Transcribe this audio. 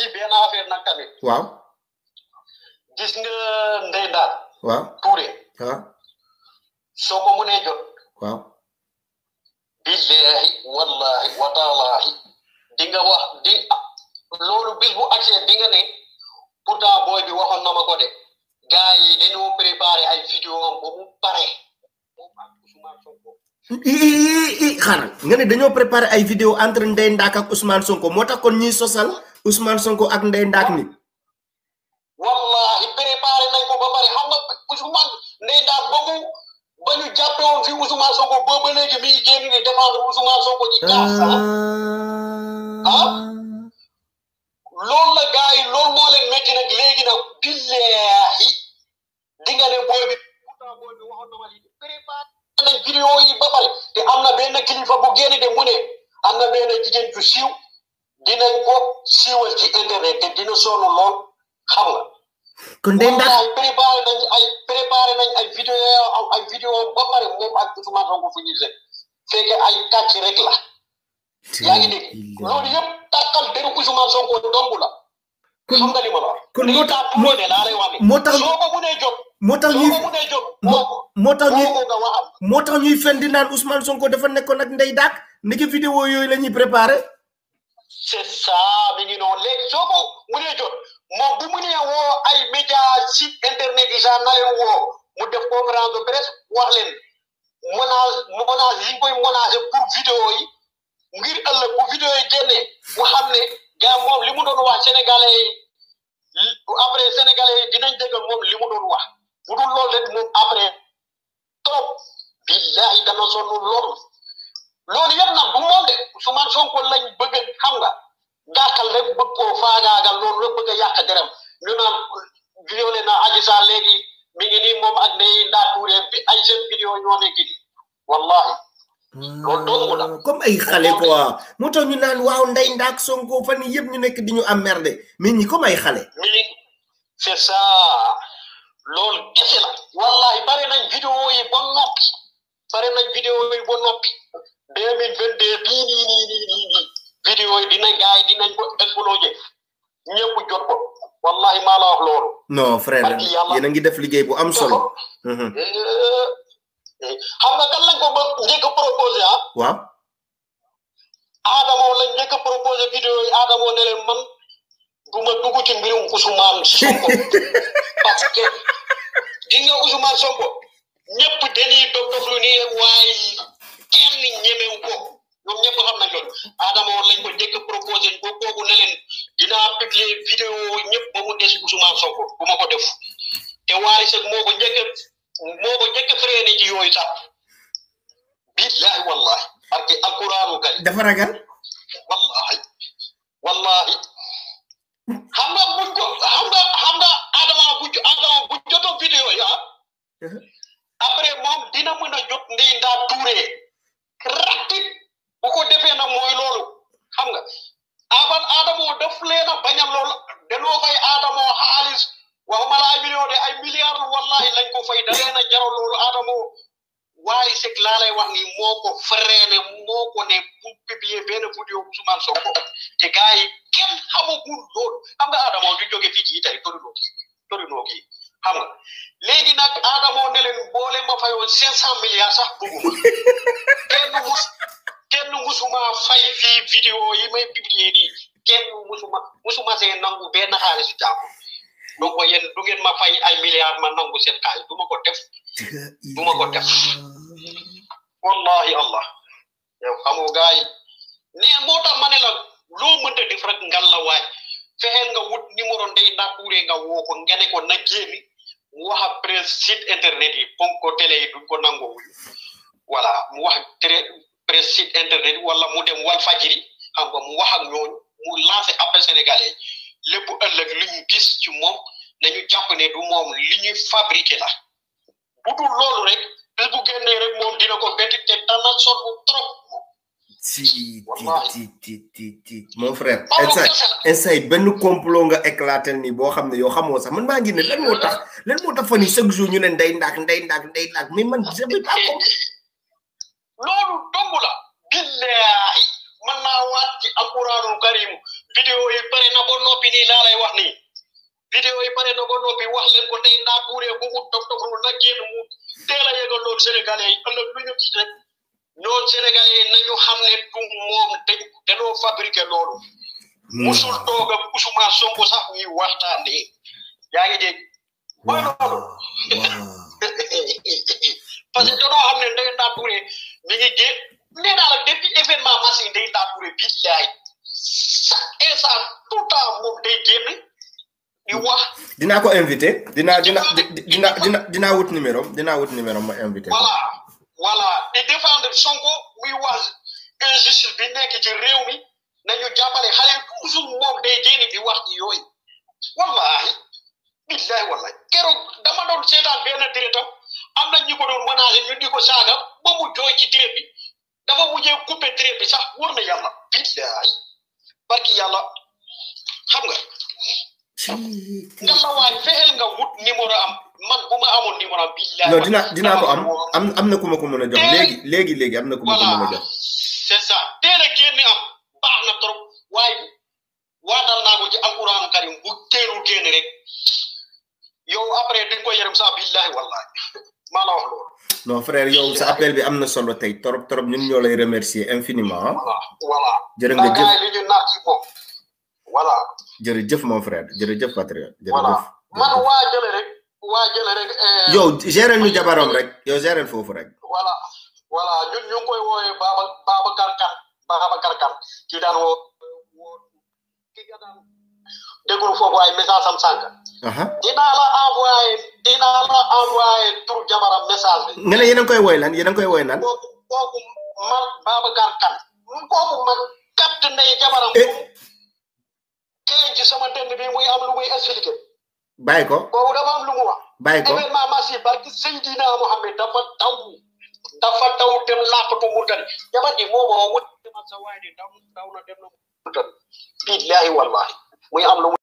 ci benn affaire nag waaw. gis nga ndey daal. waaw Touré. waaw. soo ko mënee jot. waaw. billahi wallahi wataalaahi di nga wax di loolu bis bu accès di nga ne pourtant booy bi waxoon na ma ko de gars yi dañoo ay vidéo am ba pare. xaaral nga ne dañoo préparé ay vidéo entre Ndeye Ndack ak Ousmane Sonko moo tax kon ñuy sosal Ousmane Sonko ak Ndeye Ndack ni wallahi préparé nañ ba pare xam nga Ousmane Ndeye ba ñu jàppe woon fi Ousmane Sonko ba ba léegi mi ngi génn di défendre Sonko ci gaas ah. ah loolu la gars yi loolu moo leen métti nag léegi nag billaahi di nga ne booy nañ vidéo yi ba pare te am na benn kilifa bu génn de mu ne am na benn jigéen ju siiw dinañ ko siiwal ci internet te dina sonn lool xam nga. kon de ndax ay préparé nañ ay vidéo ay vidéo ba pare moom ak Ousmane Sonko fu ñu jëm fekke ay kàcc rek la. yaa ngi dégg loolu yëpp takkal deru Ousmane Sonko dong la. xam nga li ma wax. kon moo tax moo moo tax soo ko mënee jóg. moo tax ñuy moo tax ñuy moo tax ñuy fen Sonko dafa nekkoon ak Ndeye Daak niki vidéo yooyu la ñuy préparé. c'est ça mi ngi noonu léegi soo ko mënee jóg moom bu woo ay média si internet yi sax na mu def conférence de presse wax leen monage monage yi ñu koy monagé pour vidéo yi ngir ëllëg bu vidéo yi génnee mu xam ne gars moom li mu wax sénégalais après sénégalais yi dinañ déggal moom li mu doon wax bu dul loolu rek moom après trop billahi dana sonn loolu loolu yëpp nag bu moom de Ousmane Sonko lañ bëgg xam nga gàkkal rek bëgg koo faagaagal loolu la bëgg a yàq deram ñu naan violé na Adji Sarr léegi mi ngi moom ak Ndeye Nda Touré bi ay seen vidéo ñoo nekk wallahi loolu doomu ah, comme ay xale quoi moo tax ñu naan waaw nday ndaak Sonko fan yii yëpp ñu nekk di ñu emmerder mais ñi comme ay xale. mais c'est ça loolu kese la. yi ba noppi. bare nañ vidéo yi ba noppi. deux mille vingt deux bii nii nii nii dina gars yi dinañ ko exploité jot ko. wallahi maa loolu. non frère yéen a ngi def liggéey bu am solo. Mhm. Eh, xam na kan lañ ko bëgg njëkk a proposé ah. waaw. Adama lañ njëkk a proposé vidéo yi ne leen man du ma dugg ci mbirum Ousmane Sonko parce que di nga Ousmane Sonko ñëpp dañuy doog doog lu nii waaye kenn ñemewu ko ñoom ñëpp xam Adama lañ njëkk a proposé ba kooku ne leen dinaa publier vidéo ba mu des Sonko bu ko def te Wally Seck moo ko njëkk moo ko njëkk freiné ci yooyu sax billahi wallahi parce que alquranu kari dafa Seck laa wax ni moo ko freiné moo ko ne pour publier benn vidéo Ousmane Sonko te gars yi kenn xamagul loolu xam nga Adama di jóge fii ci Italie torinoo kii torinoo kii xam nga léegi nag Adama ne leen boole ma fayoon cinq cent milliards sax bugguma kenn mus kenn musuma fay fii vidéo yi may publier nii kenn musuma musuma see nangu benn xaalisu jàmm donc yéen du ngeen ma fay ay milliards ma nangu seen kaay du ma ko def du ma ko def wallahi allah yow ya, xamoo gaay ne moo tax ma ne la loo mënta def rek ngal la waaj fexeel nga wut numéro ndey nakuure nga woo ko ngene ko na génni wax ak presse site internet yi ponk ko télé yi duñ ko nangoo wuñu voilà mu wax presse site internet wala mu dem wal fajiri xam nga mu wax ak ñooñu mu lancer appel sénégalais eh. lépp ëllëg li ñu gis ci moom nañu jàpp ne du moom li ñuy fabriquer la budul loolu rek bu génnee rek moom dina ko bett te dana sonn trop. ci ci ci mon frère. instant instant benn complot nga éclaté nii boo xam ne yoo xamoo sax man maa ngi ne lan tax lan tax fan yii chaque jour ñu ne nday ndaak nday ndaak nday ndaak mais man j'avais pas compris. loolu dong la. billaahi mën naa waat ci alquraanul karim vidéo yi bari na ba noppi nii laa lay wax nii. vidéo yi pare na ko noppi wax leen ko tey naa buuree bu mu dof na génn mu teel a yëgal loolu sénégalais yi ëllëg lu ñu gis rek loolu sénégalais yi nañu xam ne du moom dañ dañoo fabriqué loolu. Hmm. musul toog ak Ousmane Sonko sax ñuy waxtaanee yaa ngi dégg. mooy loolu. parce que xam ne ndey Ndaa Touré mi ngi génn nee naa la depuis événement Massi ndey Ndaa Touré bi laay sa tout temps moom day génn. di dinaa ko invité dinaa dina dina dina dinaa wut numéro dinaa wut numéro ma invité. voilà voilà di défendre Sonko muy wax injustice bi nekk ci réew mi nañu jàppale xale toujours moom day génn di wax ci yooyu wallahi billahi wallahi keroog dama doon seetaan benn directeur am na ñi ko doon menacé ñu di ko saaga ba mu jooy ci direct bi dafa mujjee coupé direct bi sax wóor na yàlla billahi barki yàlla. taxawaay fexeel nga wut numéro am man bu ma amoon numéro am billahi non dina dinaa ko am am na ku ma ko mën jox léegi léegi léegi am na ku ma ko mën a jox c'est ça teel a génne am baax na trop waaye waatal naa ko ci alquran karim bu teelul génn rek yow après dañ ko yërëm sax billahi wallahi maa frère yow sa appel bi am na solo tey trop torop ñun ñoo lay remercier infiniment voilà jërë nga jërëjëf mon frère jërëjëf patriote. jërëjëf man waa jële rek. waa jële rek. Eh, yow gérer ñu jabaram rek yow gérer foofu rek. voilà voilà ñun ñu ngi koy woowee Baba Babacar Kane Babacar Kane kii daan woo woo kii nga daan déglu foofu ay message am sànq. dinaa la envoyé dinaa la envoyé tur jabaram message bi. nga a ngi koy woy lan a ngi koy woy lan. kooku kooku man Babacar Kane kooku man kat ndey kii ci sama dënd bi muy am lu muy expliqué. bàyyi ko kooku dafa am lu mu wax. bàyyi ko événement massif barki Seydina Mohamed dafa taw dafa taw dem làqatu Mauritanie jabar ji moo ma woo mu ne ma sa waay de daw daw na dem na Mauritanie. billaahi wallaahi muy am lu